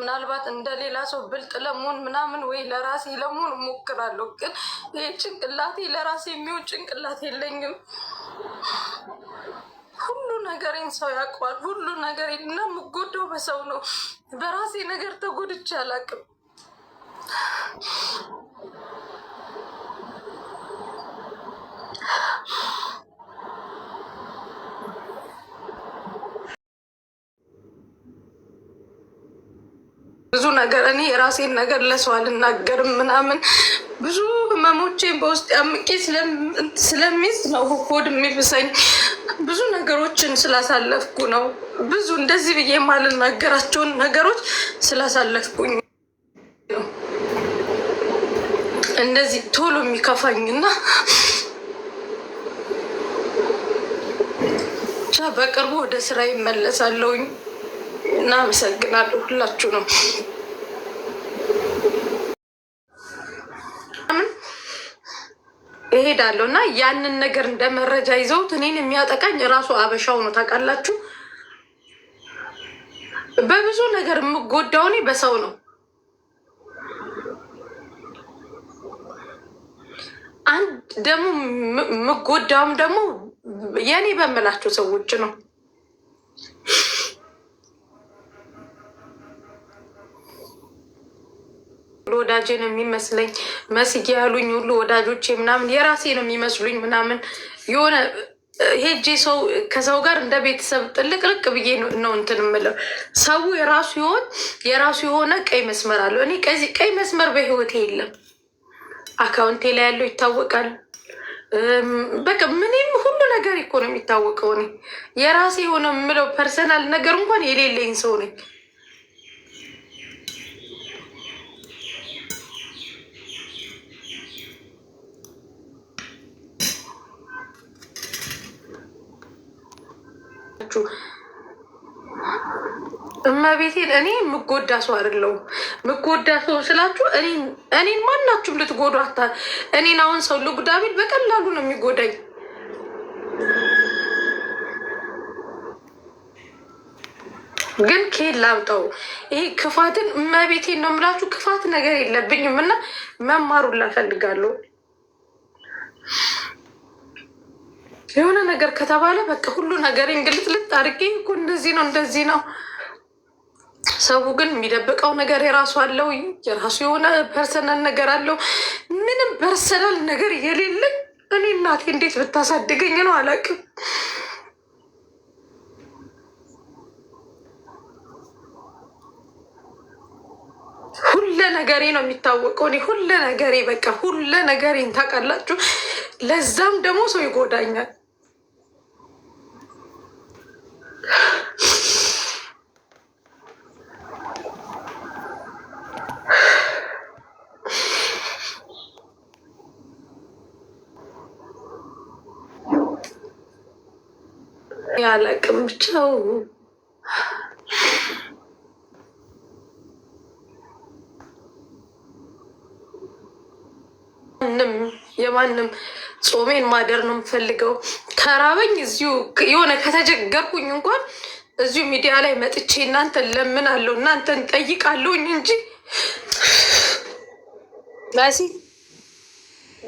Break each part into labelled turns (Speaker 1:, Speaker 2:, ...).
Speaker 1: ምናልባት እንደሌላ ሰው ብልጥ ለመሆን ምናምን ወይ ለራሴ ለመሆን እሞክራለሁ፣ ግን ይህ ጭንቅላቴ ለራሴ የሚሆን ጭንቅላት የለኝም። ሁሉ ነገሬን ሰው ያውቀዋል። ሁሉ ነገር እና የምጎዳው በሰው ነው። በራሴ ነገር ተጎድቼ አላውቅም። ብዙ ነገር እኔ የራሴን ነገር ለሰው አልናገርም ምናምን ብዙ ህመሞቼን በውስጥ አምቄ ስለሚዝ ነው ሆድ የሚብሰኝ። ብዙ ነገሮችን ስላሳለፍኩ ነው። ብዙ እንደዚህ ብዬ የማልናገራቸውን ነገሮች ስላሳለፍኩኝ ነው እንደዚህ ቶሎ የሚከፋኝና ብቻ በቅርቡ ወደ ስራ ይመለሳለውኝ። እናመሰግናለሁ ሁላችሁ ነው። እሄዳለሁ እና ያንን ነገር እንደ መረጃ ይዘውት እኔን የሚያጠቃኝ እራሱ አበሻው ነው። ታውቃላችሁ፣ በብዙ ነገር የምጎዳው እኔ በሰው ነው። አንድ ደግሞ የምጎዳውም ደግሞ የእኔ በምላቸው ሰዎች ነው። ወዳጄ ነው የሚመስለኝ መስጌ ያሉኝ ሁሉ ወዳጆቼ ምናምን የራሴ ነው የሚመስሉኝ ምናምን የሆነ ሄጄ ሰው ከሰው ጋር እንደ ቤተሰብ ጥልቅልቅ ብዬ ነው እንትን ምለው። ሰው የራሱ ይሆን የራሱ የሆነ ቀይ መስመር አለው። እኔ ቀይ መስመር በህይወቴ የለም። አካውንቴ ላይ ያለው ይታወቃል። በቃ ምንም ሁሉ ነገር እኮ ነው የሚታወቀው። እኔ የራሴ የሆነ የምለው ፐርሰናል ነገር እንኳን የሌለኝ ሰው ነኝ። ያላችሁ። እመቤቴን እኔ የምጎዳ ሰው አይደለሁም። የምጎዳ ሰው ስላችሁ እኔን ማናችሁም ልትጎዱ አታ እኔን አሁን ሰው ልጉዳ ቢል በቀላሉ ነው የሚጎዳኝ። ግን ኬ ላምጠው ይሄ ክፋትን እመቤቴን ነው የምላችሁ። ክፋት ነገር የለብኝም እና መማሩላ እፈልጋለሁ። የሆነ ነገር ከተባለ በቃ ሁሉ ነገር እንግልት ልታርቂ እኮ እንደዚህ ነው እንደዚህ ነው። ሰው ግን የሚደብቀው ነገር የራሱ አለው። የራሱ የሆነ ፐርሰናል ነገር አለው። ምንም ፐርሰናል ነገር የሌለን እኔ እናቴ እንዴት ብታሳድገኝ ነው አላውቅም። ሁለ ነገሬ ነው የሚታወቀው። እኔ ሁለ ነገሬ በቃ ሁለ ነገሬን ታውቃላችሁ። ለዛም ደግሞ ሰው ይጎዳኛል። ሰው ማንም የማንም ጾሜን ማደር ነው የምፈልገው። ከራበኝ እዚሁ የሆነ ከተቸገርኩኝ እንኳን እዚሁ ሚዲያ ላይ መጥቼ እናንተን ለምናለሁ፣ እናንተን ጠይቃለሁኝ እንጂ መሲ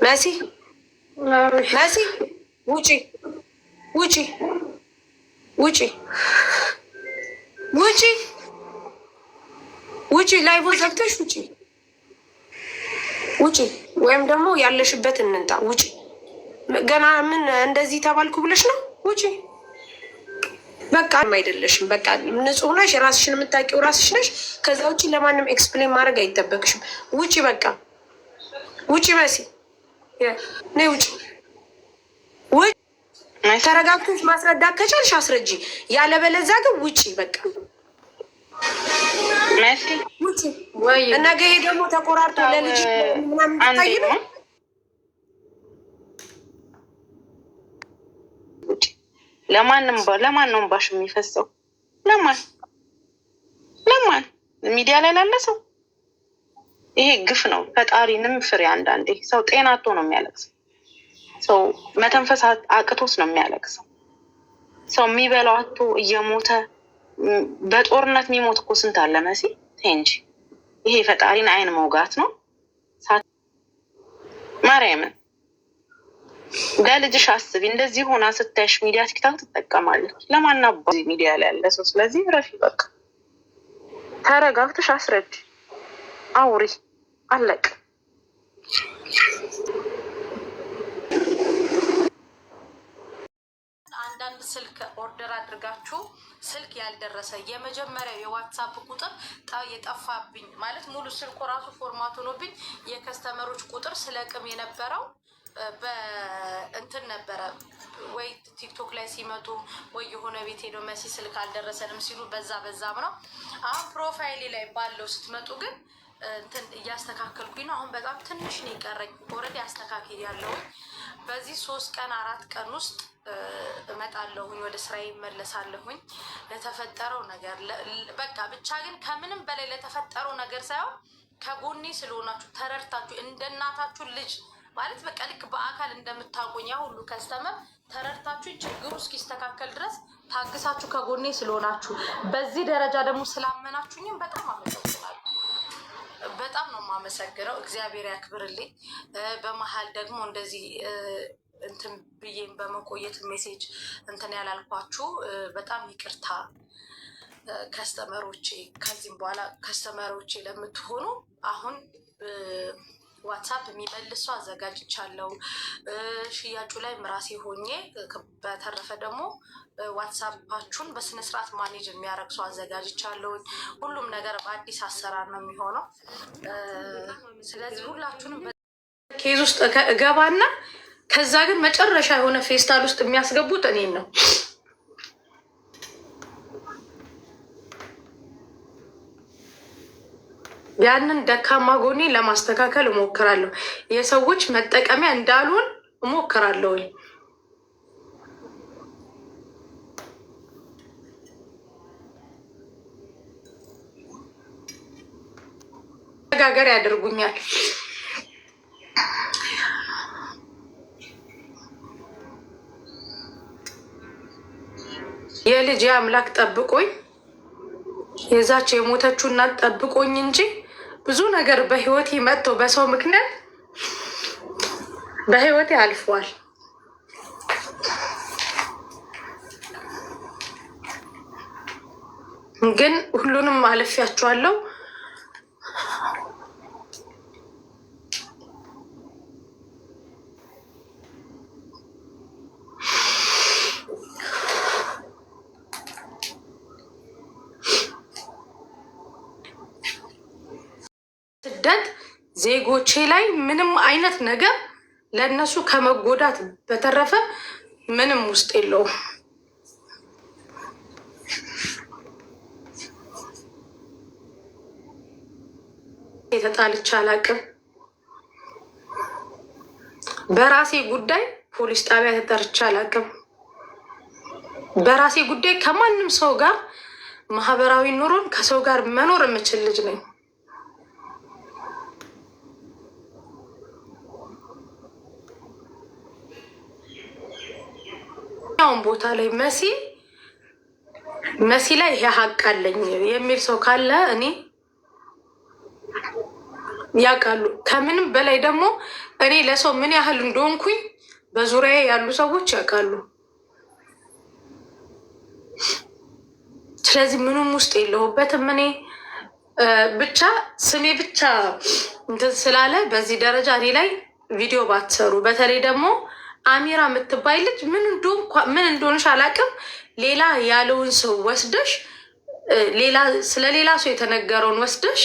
Speaker 1: መሲ መሲ ውጪ ውጪ ውጪ ውጪ ውጪ ላይቡን ዘግተሽ ውጪ ውጪ፣ ወይም ደግሞ ያለሽበት እንንጣ ውጪ። ገና ምን እንደዚህ ተባልኩ ብለሽ ነው? ውጪ በቃ አይደለሽም። በቃ ንጹህ ነሽ፣ ራስሽን የምታውቂው ራስሽ ነሽ። ከዛ ውጭ ለማንም ኤክስፕሌን ማድረግ አይጠበቅሽም። ውጪ በቃ ውጪ፣ መሲ ነይ ውጪ። ተረጋግተሽ ማስረዳት ከቻልሽ አስረጂ፣ ያለበለዚያ ግን ውጪ በቃ ውጪ። ነገ ደግሞ ተቆራርቶ ለልጅ ምናምን ነው።
Speaker 2: ለማንም ለማን ነው ባሽ የሚፈሰው? ለማን ለማን? ሚዲያ ላይ ላለ ሰው ይሄ ግፍ ነው። ፈጣሪንም ፍሬ። አንዳንዴ ሰው ጤናቶ ነው የሚያለቅሰው። ሰው መተንፈስ አቅቶስ ነው የሚያለቅሰው። ሰው የሚበላው አቶ እየሞተ በጦርነት የሚሞት እኮ ስንት አለ መሲ እንጂ ይሄ ፈጣሪን አይን መውጋት ነው። ማርያምን ለልጅሽ አስቢ። እንደዚህ ሆና ስታይሽ ሚዲያ ቲክታክ ትጠቀማለች። ለማናባ ሚዲያ ላይ ያለ ሰው ስለዚህ ረፊ በቃ ተረጋግተሽ አስረድ አውሪ አለቅ
Speaker 1: ስልክ ኦርደር አድርጋችሁ ስልክ ያልደረሰ የመጀመሪያው የዋትሳፕ ቁጥር የጠፋብኝ ማለት ሙሉ ስልኩ ራሱ ፎርማት ሆኖብኝ የከስተመሮች ቁጥር ስለቅም የነበረው በእንትን ነበረ ወይ ቲክቶክ ላይ ሲመጡ ወይ የሆነ ቤት ሄዶ መሲ ስልክ አልደረሰንም ሲሉ በዛ በዛም ነው። አሁን ፕሮፋይሌ ላይ ባለው ስትመጡ ግን እንትን እያስተካከልኩኝ ነው። አሁን በጣም ትንሽ ነው የቀረኝ። ኦልሬዲ አስተካክል ያለውን በዚህ ሶስት ቀን አራት ቀን ውስጥ እመጣለሁኝ ወደ ስራ ይመለሳለሁኝ። ለተፈጠረው ነገር በቃ ብቻ ግን ከምንም በላይ ለተፈጠረው ነገር ሳይሆን ከጎኔ ስለሆናችሁ ተረድታችሁ እንደ እናታችሁ ልጅ ማለት በቃ ልክ በአካል እንደምታውቁኝ ያ ሁሉ ከስተመር ተረድታችሁ ችግሩ እስኪስተካከል ድረስ ታግሳችሁ ከጎኔ ስለሆናችሁ በዚህ ደረጃ ደግሞ ስላመናችሁኝም በጣም አመሰግናለሁ። በጣም ነው የማመሰግነው። እግዚአብሔር ያክብርልኝ። በመሀል ደግሞ እንደዚህ እንትን ብዬም በመቆየት ሜሴጅ እንትን ያላልኳችሁ በጣም ይቅርታ ከስተመሮቼ። ከዚህም በኋላ ከስተመሮቼ ለምትሆኑ አሁን ዋትሳፕ የሚመልሱ አዘጋጅቻለሁ። ሽያጩ ላይ ምራሴ ሆኜ በተረፈ ደግሞ ዋትሳፓችሁን በስነስርዓት ማኔጅ የሚያደርግ ሰው አዘጋጅቻለሁ ሁሉም ነገር በአዲስ አሰራር ነው የሚሆነው። ስለዚህ ሁላችሁንም ኬዝ ውስጥ እገባና ከዛ ግን መጨረሻ የሆነ ፌስታል ውስጥ የሚያስገቡት እኔን ነው። ያንን ደካማ ጎኔ ለማስተካከል እሞክራለሁ። የሰዎች መጠቀሚያ እንዳልሆን እሞክራለሁኝ። መነጋገር ያደርጉኛል። የልጅ አምላክ ጠብቆኝ የዛች የሞተችው እናት ጠብቆኝ እንጂ ብዙ ነገር በህይወቴ መጥቶ በሰው ምክንያት በህይወቴ አልፏል። ግን ሁሉንም አልፌያቸዋለሁ። ዜጎቼ ላይ ምንም አይነት ነገር ለእነሱ ከመጎዳት በተረፈ ምንም ውስጥ የለውም። የተጣልቻ አላቅም። በራሴ ጉዳይ ፖሊስ ጣቢያ ተጠርቼ አላቅም። በራሴ ጉዳይ ከማንም ሰው ጋር ማህበራዊ ኑሮን ከሰው ጋር መኖር የምችል ልጅ ነኝ። ያውን ቦታ ላይ መሲ መሲ ላይ ይሄ ሀቅ አለኝ የሚል ሰው ካለ እኔ ያውቃሉ። ከምንም በላይ ደግሞ እኔ ለሰው ምን ያህል እንደሆንኩኝ በዙሪያ ያሉ ሰዎች ያውቃሉ። ስለዚህ ምንም ውስጥ የለሁበትም እኔ ብቻ ስሜ ብቻ እንትን ስላለ በዚህ ደረጃ እኔ ላይ ቪዲዮ ባትሰሩ፣ በተለይ ደግሞ አሚራ የምትባይ ልጅ ምን እንደሆነሽ አላውቅም። ሌላ ያለውን ሰው ወስደሽ ስለ ሌላ ሰው የተነገረውን ወስደሽ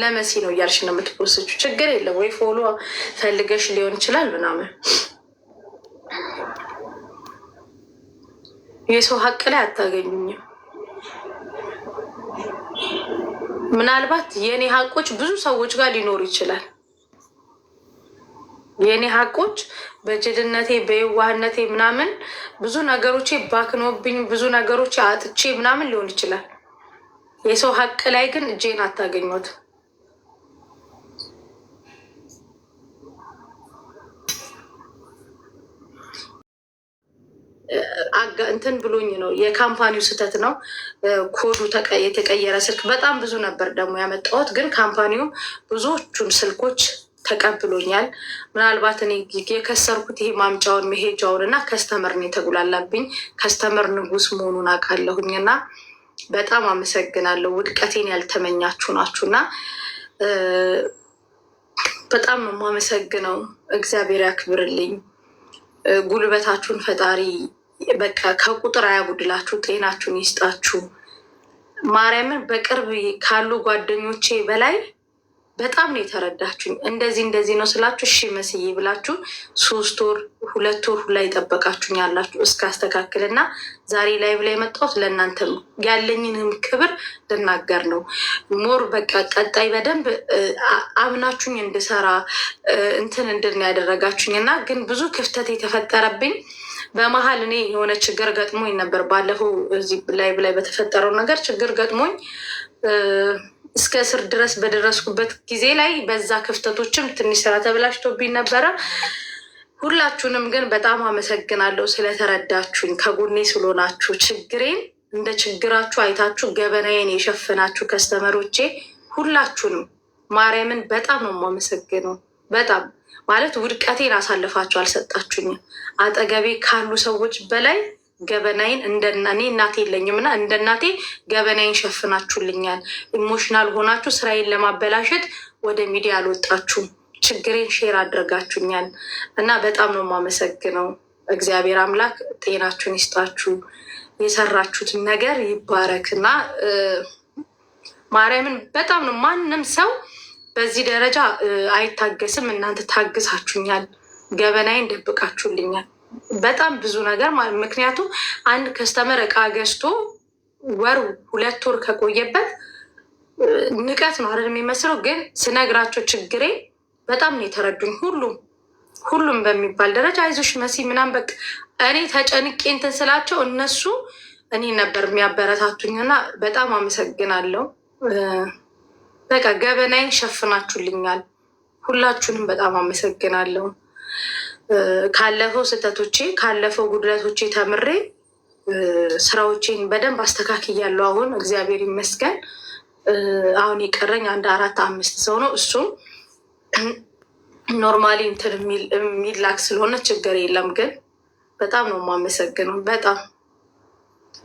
Speaker 1: ለመሲ ነው እያልሽ ነው የምትፖስቹ። ችግር የለም ወይ ፎሎ ፈልገሽ ሊሆን ይችላል ምናምን። የሰው ሀቅ ላይ አታገኙኝም። ምናልባት የእኔ ሀቆች ብዙ ሰዎች ጋር ሊኖሩ ይችላል። የእኔ ሀቆች በጅልነቴ በየዋህነቴ ምናምን ብዙ ነገሮቼ ባክኖብኝ ብዙ ነገሮቼ አጥቼ ምናምን ሊሆን ይችላል። የሰው ሀቅ ላይ ግን እጄን አታገኙት። እንትን ብሎኝ ነው የካምፓኒው ስህተት ነው ኮዱ የተቀየረ ስልክ በጣም ብዙ ነበር ደግሞ ያመጣሁት፣ ግን ካምፓኒው ብዙዎቹን ስልኮች ተቀብሎኛል። ምናልባት እኔ የከሰርኩት ይሄ ማምጫውን መሄጃውን እና ከስተመር ነው የተጉላላብኝ። ከስተመር ንጉስ መሆኑን አውቃለሁኝ እና በጣም አመሰግናለሁ። ውድቀቴን ያልተመኛችሁ ናችሁ እና በጣም የማመሰግነው እግዚአብሔር ያክብርልኝ። ጉልበታችሁን ፈጣሪ በቃ ከቁጥር አያጉድላችሁ፣ ጤናችሁን ይስጣችሁ። ማርያምን በቅርብ ካሉ ጓደኞቼ በላይ በጣም ነው የተረዳችሁኝ። እንደዚህ እንደዚህ ነው ስላችሁ እሺ መስዬ ብላችሁ ሶስት ወር ሁለት ወር ላይ የጠበቃችሁኝ ያላችሁ እስካስተካክልና ዛሬ ላይ ላይ የመጣሁት ለእናንተ ነው። ያለኝንም ክብር ልናገር ነው። ሞር በቃ ቀጣይ በደንብ አምናችሁኝ እንድሰራ እንትን እንድን ያደረጋችሁኝ እና ግን ብዙ ክፍተት የተፈጠረብኝ በመሀል እኔ የሆነ ችግር ገጥሞኝ ነበር። ባለፈው እዚህ ላይ ብላይ በተፈጠረው ነገር ችግር ገጥሞኝ እስከ እስር ድረስ በደረስኩበት ጊዜ ላይ በዛ ክፍተቶችም ትንሽ ስራ ተብላሽቶብኝ ነበረ። ሁላችሁንም ግን በጣም አመሰግናለሁ ስለተረዳችሁኝ፣ ከጎኔ ስለሆናችሁ፣ ችግሬን እንደ ችግራችሁ አይታችሁ ገበናዬን የሸፈናችሁ ከስተመሮቼ ሁላችሁንም ማርያምን በጣም ነው የማመሰግነው። በጣም ማለት ውድቀቴን አሳልፋችሁ አልሰጣችሁኝም። አጠገቤ ካሉ ሰዎች በላይ ገበናዬን እኔ እናቴ የለኝም እና እንደ እናቴ ገበናይን ሸፍናችሁልኛል። ኢሞሽናል ሆናችሁ ስራዬን ለማበላሸት ወደ ሚዲያ አልወጣችሁም። ችግሬን ሼር አድርጋችሁኛል እና በጣም ነው የማመሰግነው። እግዚአብሔር አምላክ ጤናችሁን ይስጣችሁ፣ የሰራችሁትን ነገር ይባረክ እና ማርያምን በጣም ነው ማንም ሰው በዚህ ደረጃ አይታገስም። እናንተ ታግሳችሁኛል፣ ገበናይን ደብቃችሁልኛል። በጣም ብዙ ነገር ምክንያቱም አንድ ከስተመር እቃ ገዝቶ ወር ሁለት ወር ከቆየበት ንቀት ነው አይደል የሚመስለው። ግን ስነግራቸው ችግሬ በጣም ነው የተረዱኝ። ሁሉም ሁሉም በሚባል ደረጃ አይዞሽ መሲ ምናምን በቃ እኔ ተጨንቄ እንትን ስላቸው እነሱ እኔ ነበር የሚያበረታቱኝ እና በጣም አመሰግናለሁ። በቃ ገበናይን ሸፍናችሁልኛል። ሁላችሁንም በጣም አመሰግናለሁ። ካለፈው ስህተቶቼ ካለፈው ጉድለቶቼ ተምሬ ስራዎቼን በደንብ አስተካክያለሁ። አሁን እግዚአብሔር ይመስገን። አሁን የቀረኝ አንድ አራት አምስት ሰው ነው። እሱም ኖርማሊ እንትን የሚላክ ስለሆነ ችግር የለም። ግን በጣም ነው የማመሰግነው። በጣም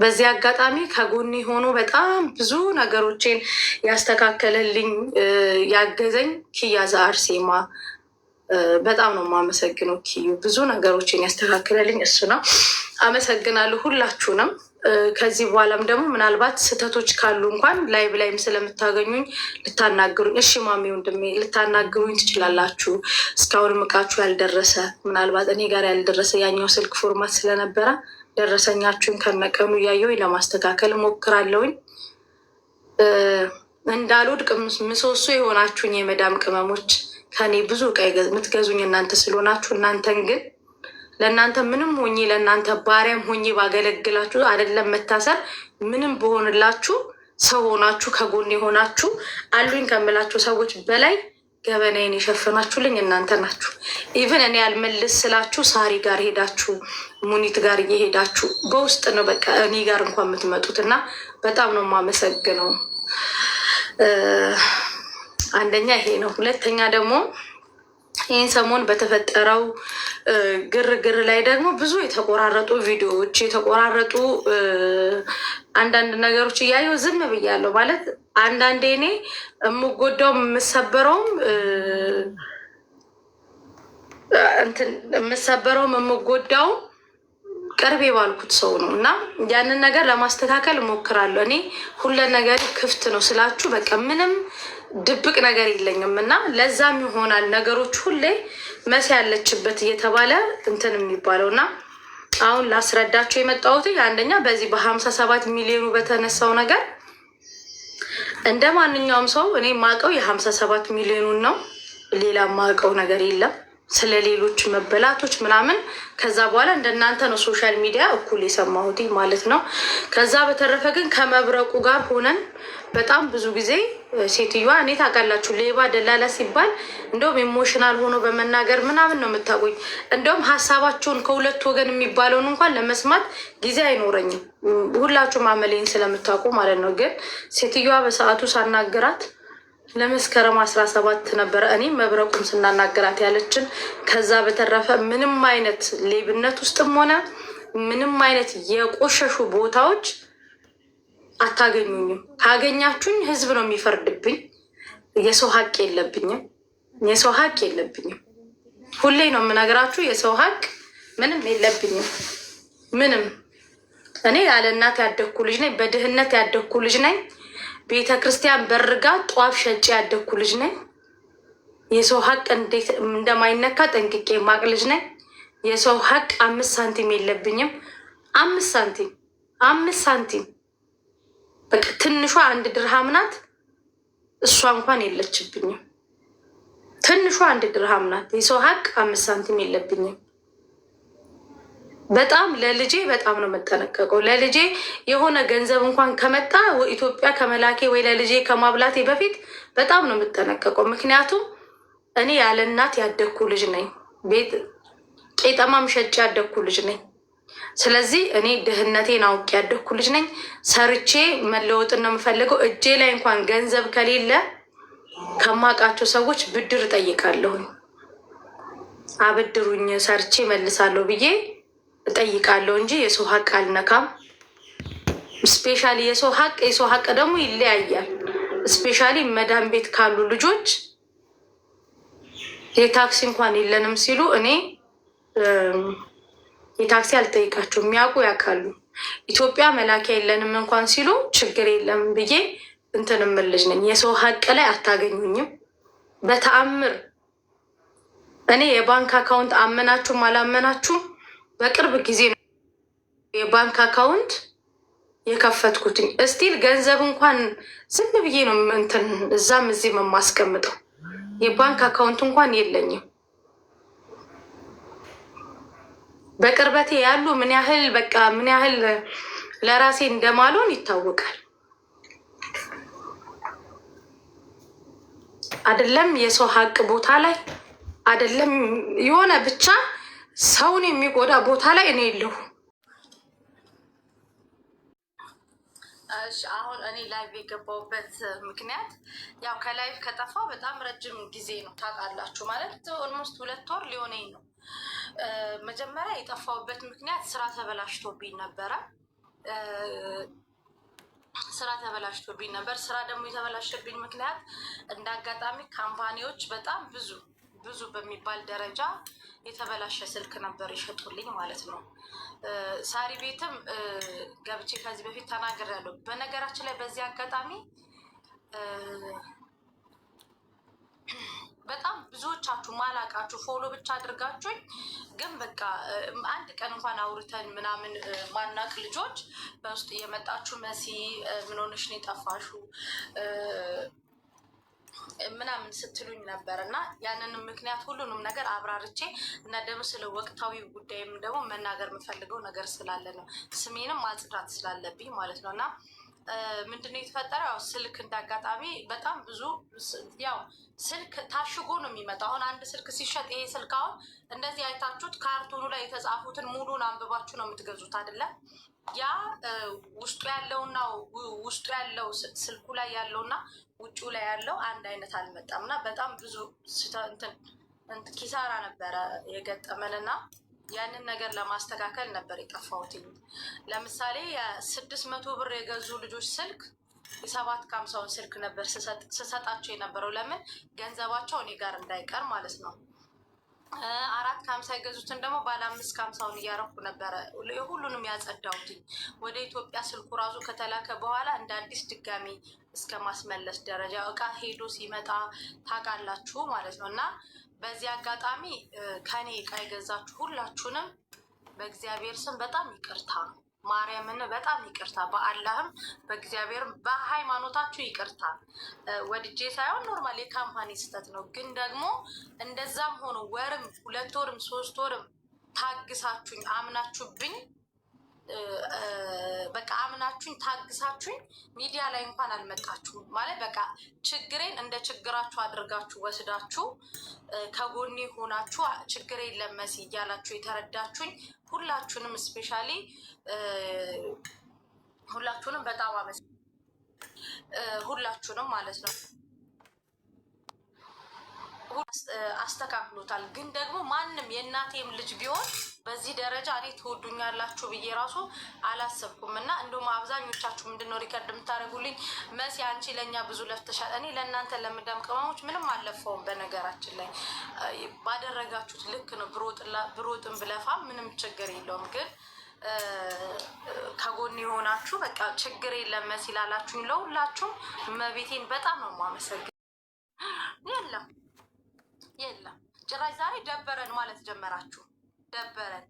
Speaker 1: በዚህ አጋጣሚ ከጎኒ ሆኖ በጣም ብዙ ነገሮችን ያስተካከለልኝ ያገዘኝ ኪያዛ አርሴማ በጣም ነው የማመሰግነው። ኪዩ ብዙ ነገሮችን ያስተካክለልኝ እሱ ነው። አመሰግናለሁ ሁላችሁንም። ከዚህ በኋላም ደግሞ ምናልባት ስህተቶች ካሉ እንኳን ላይቭ ላይም ስለምታገኙኝ ልታናግሩኝ፣ እሺ ማሚ ወንድሜ ልታናግሩኝ ትችላላችሁ። እስካሁን እቃችሁ ያልደረሰ ምናልባት እኔ ጋር ያልደረሰ ያኛው ስልክ ፎርማት ስለነበረ ደረሰኛችሁን ከነቀኑ እያየሁኝ ለማስተካከል ሞክራለሁኝ። እንዳልወድቅ ምሰሶ የሆናችሁኝ የመዳም ቅመሞች ከኔ ብዙ እቃ የምትገዙኝ እናንተ ስለሆናችሁ እናንተን ግን ለእናንተ ምንም ሆኜ ለእናንተ ባሪያም ሆኜ ባገለግላችሁ አይደለም መታሰር ምንም በሆንላችሁ ሰው ሆናችሁ ከጎን የሆናችሁ አሉኝ ከምላችሁ ሰዎች በላይ ገበናዬን የሸፈናችሁልኝ እናንተ ናችሁ። ኢቨን እኔ ያልመልስ ስላችሁ ሳሪ ጋር ሄዳችሁ ሙኒት ጋር እየሄዳችሁ በውስጥ ነው በቃ እኔ ጋር እንኳን የምትመጡት እና በጣም ነው የማመሰግነው። አንደኛ ይሄ ነው። ሁለተኛ ደግሞ ይህን ሰሞን በተፈጠረው ግርግር ላይ ደግሞ ብዙ የተቆራረጡ ቪዲዮዎች የተቆራረጡ አንዳንድ ነገሮች እያየው ዝም ብያለሁ። ማለት አንዳንዴ እኔ የምጎዳው የምሰበረውም የምሰበረውም የምጎዳው ቅርብ የባልኩት ሰው ነው እና ያንን ነገር ለማስተካከል እሞክራለሁ። እኔ ሁለ ነገር ክፍት ነው ስላችሁ በቃ ምንም ድብቅ ነገር የለኝም እና ለዛም ይሆናል ነገሮች ሁሌ መሲ ያለችበት እየተባለ እንትን የሚባለው እና አሁን ላስረዳቸው የመጣሁት አንደኛ በዚህ በሀምሳ ሰባት ሚሊዮኑ በተነሳው ነገር እንደ ማንኛውም ሰው እኔ ማቀው የሀምሳ ሰባት ሚሊዮኑን ነው። ሌላ ማቀው ነገር የለም። ስለ ሌሎች መበላቶች ምናምን ከዛ በኋላ እንደናንተ ነው ሶሻል ሚዲያ እኩል የሰማሁት ማለት ነው። ከዛ በተረፈ ግን ከመብረቁ ጋር ሆነን በጣም ብዙ ጊዜ ሴትዮዋ እኔ ታውቃላችሁ፣ ሌባ ደላላ ሲባል እንደውም ኢሞሽናል ሆኖ በመናገር ምናምን ነው የምታቆኝ። እንደውም ሀሳባቸውን ከሁለት ወገን የሚባለውን እንኳን ለመስማት ጊዜ አይኖረኝም፣ ሁላችሁም አመሌን ስለምታውቁ ማለት ነው። ግን ሴትዮዋ በሰዓቱ ሳናገራት ለመስከረም አስራ ሰባት ነበረ እኔ መብረቁን ስናናገራት ያለችን። ከዛ በተረፈ ምንም አይነት ሌብነት ውስጥም ሆነ ምንም አይነት የቆሸሹ ቦታዎች አታገኙኝም። ካገኛችሁኝ ህዝብ ነው የሚፈርድብኝ። የሰው ሀቅ የለብኝም። የሰው ሀቅ የለብኝም። ሁሌ ነው የምነግራችሁ፣ የሰው ሀቅ ምንም የለብኝም። ምንም እኔ ያለ እናት ያደግኩ ልጅ ነኝ። በድህነት ያደግኩ ልጅ ነኝ። ቤተ ክርስቲያን በርጋ ጧፍ ሸጬ ያደግኩ ልጅ ነኝ። የሰው ሀቅ እንዴት እንደማይነካ ጠንቅቄ ማቅ ልጅ ነኝ። የሰው ሀቅ አምስት ሳንቲም የለብኝም። አምስት ሳንቲም አምስት ሳንቲም በቃ ትንሿ አንድ ድርሃም ናት። እሷ እንኳን የለችብኝም። ትንሿ አንድ ድርሃም ናት። የሰው ሀቅ አምስት ሳንቲም የለብኝም። በጣም ለልጄ በጣም ነው የምጠነቀቀው። ለልጄ የሆነ ገንዘብ እንኳን ከመጣ ኢትዮጵያ ከመላኬ ወይ ለልጄ ከማብላቴ በፊት በጣም ነው የምጠነቀቀው። ምክንያቱም እኔ ያለ እናት ያደግኩ ልጅ ነኝ። ቤት ቄጠማም ሸጬ ያደግኩ ልጅ ነኝ። ስለዚህ እኔ ድህነቴን አውቄ ያደግኩ ልጅ ነኝ። ሰርቼ መለወጥን ነው የምፈልገው። እጄ ላይ እንኳን ገንዘብ ከሌለ ከማውቃቸው ሰዎች ብድር እጠይቃለሁኝ። አበድሩኝ ሰርቼ መልሳለሁ ብዬ እጠይቃለሁ እንጂ የሰው ሀቅ አልነካም። ስፔሻሊ የሰው ሀቅ የሰው ሀቅ ደግሞ ይለያያል። ስፔሻሊ መዳን ቤት ካሉ ልጆች የታክሲ እንኳን የለንም ሲሉ እኔ የታክሲ አልጠይቃቸው የሚያውቁ ያውቃሉ። ኢትዮጵያ መላኪያ የለንም እንኳን ሲሉ ችግር የለም ብዬ እንትን እምልጅ ነኝ። የሰው ሀቅ ላይ አታገኙኝም በተአምር። እኔ የባንክ አካውንት አመናችሁም አላመናችሁም በቅርብ ጊዜ ነው የባንክ አካውንት የከፈትኩትኝ። እስቲል ገንዘብ እንኳን ዝም ብዬ ነው እንትን እዛም እዚህ የማስቀምጠው የባንክ አካውንት እንኳን የለኝም። በቅርበቴ ያሉ ምን ያህል በቃ ምን ያህል ለራሴ እንደማልሆን ይታወቃል። አይደለም የሰው ሀቅ ቦታ ላይ አይደለም የሆነ ብቻ ሰውን የሚጎዳ ቦታ ላይ እኔ የለሁ። አሁን እኔ ላይቭ የገባሁበት ምክንያት ያው ከላይቭ ከጠፋ በጣም ረጅም ጊዜ ነው። ታውቃላችሁ ማለት ኦልሞስት ሁለት ወር ሊሆነኝ ነው። መጀመሪያ የጠፋሁበት ምክንያት ስራ ተበላሽቶብኝ ነበረ። ስራ ተበላሽቶብኝ ነበር። ስራ ደግሞ የተበላሸብኝ ምክንያት እንደ አጋጣሚ ካምፓኒዎች በጣም ብዙ ብዙ በሚባል ደረጃ የተበላሸ ስልክ ነበር ይሸጡልኝ ማለት ነው። ሳሪ ቤትም ገብቼ ከዚህ በፊት ተናግሬያለሁ። በነገራችን ላይ በዚህ አጋጣሚ በጣም ብዙዎቻችሁ ማላቃችሁ ፎሎ ብቻ አድርጋችሁኝ ግን በቃ አንድ ቀን እንኳን አውርተን ምናምን ማናቅ ልጆች በውስጥ እየመጣችሁ መሲ ምን ሆነሽ ነው የጠፋሹ ምናምን ስትሉኝ ነበር እና ያንንም ምክንያት ሁሉንም ነገር አብራርቼ እና ደግሞ ስለ ወቅታዊ ጉዳይም ደግሞ መናገር የምፈልገው ነገር ስላለ ነው። ስሜንም ማጽዳት ስላለብኝ ማለት ነው እና ምንድነው የተፈጠረው? ያው ስልክ እንዳጋጣሚ በጣም ብዙ ያው ስልክ ታሽጎ ነው የሚመጣው። አሁን አንድ ስልክ ሲሸጥ ይሄ ስልክ አሁን እንደዚህ አይታችሁት ካርቶኑ ላይ የተጻፉትን ሙሉን አንብባችሁ ነው የምትገዙት አይደለም? ያ ውስጡ ያለውና ውስጡ ያለው ስልኩ ላይ ያለውና ውጩ ላይ ያለው አንድ አይነት አልመጣም እና በጣም ብዙ ኪሳራ ነበረ የገጠመን እና ያንን ነገር ለማስተካከል ነበር የጠፋሁት። ለምሳሌ የስድስት መቶ ብር የገዙ ልጆች ስልክ የሰባት ከሀምሳውን ስልክ ነበር ስሰጣቸው የነበረው። ለምን ገንዘባቸው እኔ ጋር እንዳይቀር ማለት ነው። አራት ከሀምሳ የገዙትን ደግሞ ባለ አምስት ከሀምሳውን እያረኩ ነበረ። ሁሉንም ያጸዳውት ወደ ኢትዮጵያ ስልኩ ራሱ ከተላከ በኋላ እንደ አዲስ ድጋሚ እስከ ማስመለስ ደረጃ እቃ ሄዶ ሲመጣ ታውቃላችሁ ማለት ነው። እና በዚህ አጋጣሚ ከኔ እቃ የገዛችሁ ሁላችሁንም በእግዚአብሔር ስም በጣም ይቅርታ ማርያምን በጣም ይቅርታ፣ በአላህም በእግዚአብሔርም በሃይማኖታችሁ ይቅርታ። ወድጄ ሳይሆን ኖርማል የካምፓኒ ስህተት ነው። ግን ደግሞ እንደዛም ሆኖ ወርም ሁለት ወርም ሶስት ወርም ታግሳችሁኝ አምናችሁብኝ በቃ አምናችሁኝ ታግሳችሁኝ ሚዲያ ላይ እንኳን አልመጣችሁም። ማለት በቃ ችግሬን እንደ ችግራችሁ አድርጋችሁ ወስዳችሁ ከጎኔ ሆናችሁ ችግሬን ለመሲ እያላችሁ የተረዳችሁኝ ሁላችሁንም ስፔሻሊ ሁላችሁንም በጣም አመስ ሁላችሁንም ማለት ነው አስተካክሎታል። ግን ደግሞ ማንም የእናቴም ልጅ ቢሆን በዚህ ደረጃ እኔ ትወዱኛላችሁ ብዬ ራሱ አላሰብኩም። እና እንደውም አብዛኞቻችሁ ምንድነው ሪከርድ የምታደርጉልኝ መሲ፣ አንቺ ለእኛ ብዙ ለፍተሻል። እኔ ለእናንተ ለምዳም ቅመሞች ምንም አለፈውም። በነገራችን ላይ ባደረጋችሁት ልክ ነው። ብሮጥን ብለፋም ምንም ችግር የለውም። ግን ከጎን የሆናችሁ በቃ ችግር የለም መሲ ላላችሁኝ ለሁላችሁም መቤቴን በጣም ነው የማመሰግን የለም የለም። ጭራሽ ዛሬ ደበረን ማለት ጀመራችሁ። ደበረን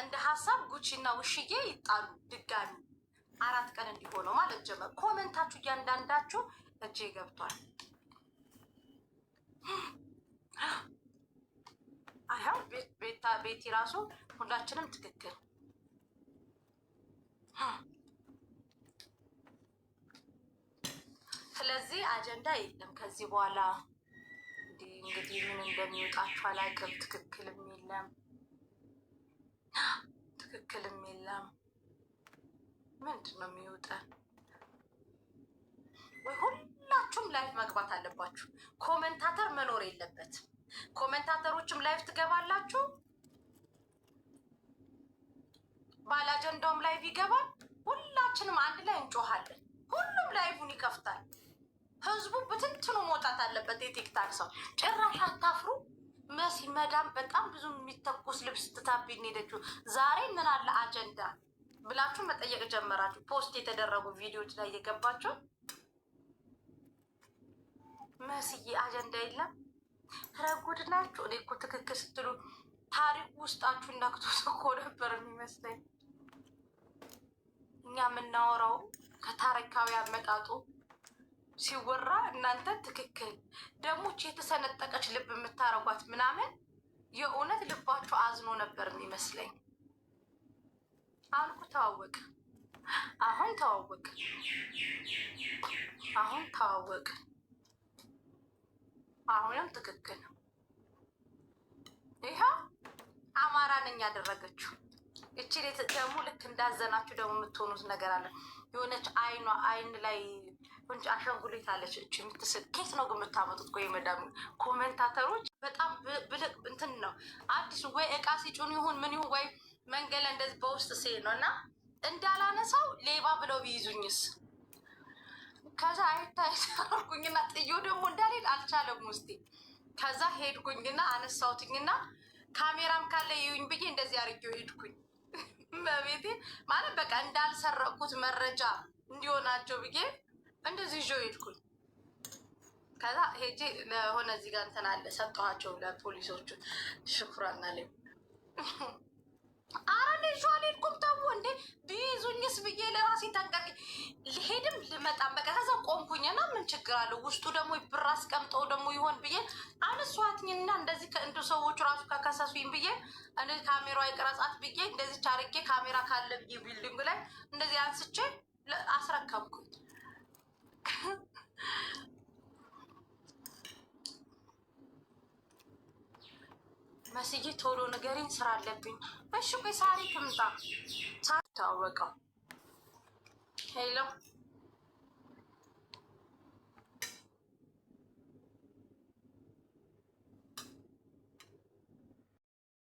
Speaker 1: እንደ ሀሳብ ጉቺና ውሽዬ ይጣሉ ድጋሚ አራት ቀን እንዲሆነው ማለት ጀመር። ኮመንታችሁ እያንዳንዳችሁ እጄ ገብቷል። አይው ቤታ ቤቲ ራሱ ሁላችንም ትክክል ስለዚህ አጀንዳ የለም ከዚህ በኋላ እንግዲህ ምን እንደሚወጣችሁ አላቅም። ትክክልም የለም ትክክልም የለም። ምንድን ነው የሚወጣን? ወይ ሁላችሁም ላይፍ መግባት አለባችሁ። ኮመንታተር መኖር የለበትም። ኮመንታተሮችም ላይፍ ትገባላችሁ፣ አጀንዳውም ላይፍ ይገባል። ሁላችንም አንድ ላይ እንጮሃለን። ሁሉም ላይፉን ይከፍታል። ህዝቡ ብትንትኑ መውጣት አለበት። የቲክታክ ሰው ጭራሽ አታፍሩ። መሲ መዳም በጣም ብዙ የሚተኩስ ልብስ ትታብኝ ሄደችው። ዛሬ ምን አለ አጀንዳ ብላችሁ መጠየቅ ጀመራችሁ። ፖስት የተደረጉ ቪዲዮዎች ላይ የገባችሁ መስዬ አጀንዳ የለም ረጉድ ናችሁ። እኔ እኮ ትክክል ስትሉ ታሪኩ ውስጣችሁ እንዳክቶ ሰኮ ነበር የሚመስለኝ። እኛ የምናወራው ከታሪካዊ አመጣጡ ሲወራ እናንተ ትክክል ደሞች የተሰነጠቀች ልብ የምታረጓት ምናምን የእውነት ልባችሁ አዝኖ ነበር የሚመስለኝ። አልኩ ተዋወቅ አሁን ተዋወቅ አሁን ተዋወቅ አሁንም ትክክል ነው። ይኸው አማራ ነኝ ያደረገችው እቺ ደግሞ ልክ እንዳዘናችሁ ደግሞ የምትሆኑት ነገር አለ። የሆነች አይኗ አይን ላይ ቁንጭ አሻንጉሊት አለች እች የምትስል ኬት ነው ግን የምታመጡት? ቆይ መዳም ኮሜንታተሮች በጣም ብልቅ እንትን ነው አዲስ ወይ እቃ ሲጩን ይሁን ምን ይሁን ወይ መንገለ እንደዚህ በውስጥ ሲሄድ ነው እና እንዳላነሳው ሌባ ብለው ቢይዙኝስ? ከዛ አይታይኩኝና ጥዩ ደግሞ እንዳልሄድ አልቻለም ውስጤ። ከዛ ሄድኩኝና አነሳውትኝና ካሜራም ካለ ይዩኝ ብዬ እንደዚህ አድርጌው ሄድኩኝ። በቤቴ ማለት በቃ እንዳልሰረቅኩት መረጃ እንዲሆናቸው ብዬ እንደዚህ ይዤው ሄድኩኝ። ከዛ ሄጄ ለሆነ እዚህ ጋር እንትን አለ ሰጠኋቸው ለፖሊሶቹ። ሽኩራና ለ አረን ይዤው አልሄድኩም። ተው እንዴ ቢይዙኝስ ብዬ ለራሴ ተንቀቅ ልሄድም ልመጣም በቃ ከዛ ቆምኩኝና ምን ችግር አለው ውስጡ ደግሞ ብር አስቀምጠው ደግሞ ይሆን ብዬ አነሷትኝና እንደዚህ ከእንዱ ሰዎቹ ራሱ ከከሰሱኝ ብዬ እኔ ካሜራ ይቅረጻት ብዬ እንደዚህ አድርጌ ካሜራ ካለ ብዬ ቢልዲንጉ ላይ እንደዚህ አንስቼ አስረከብኩኝ። መስዬ ቶሎ ንገሪኝ፣ ስራ አለብኝ። እሺ ቆይ ሳሪ ክምጣ ታወቀው ሄሎ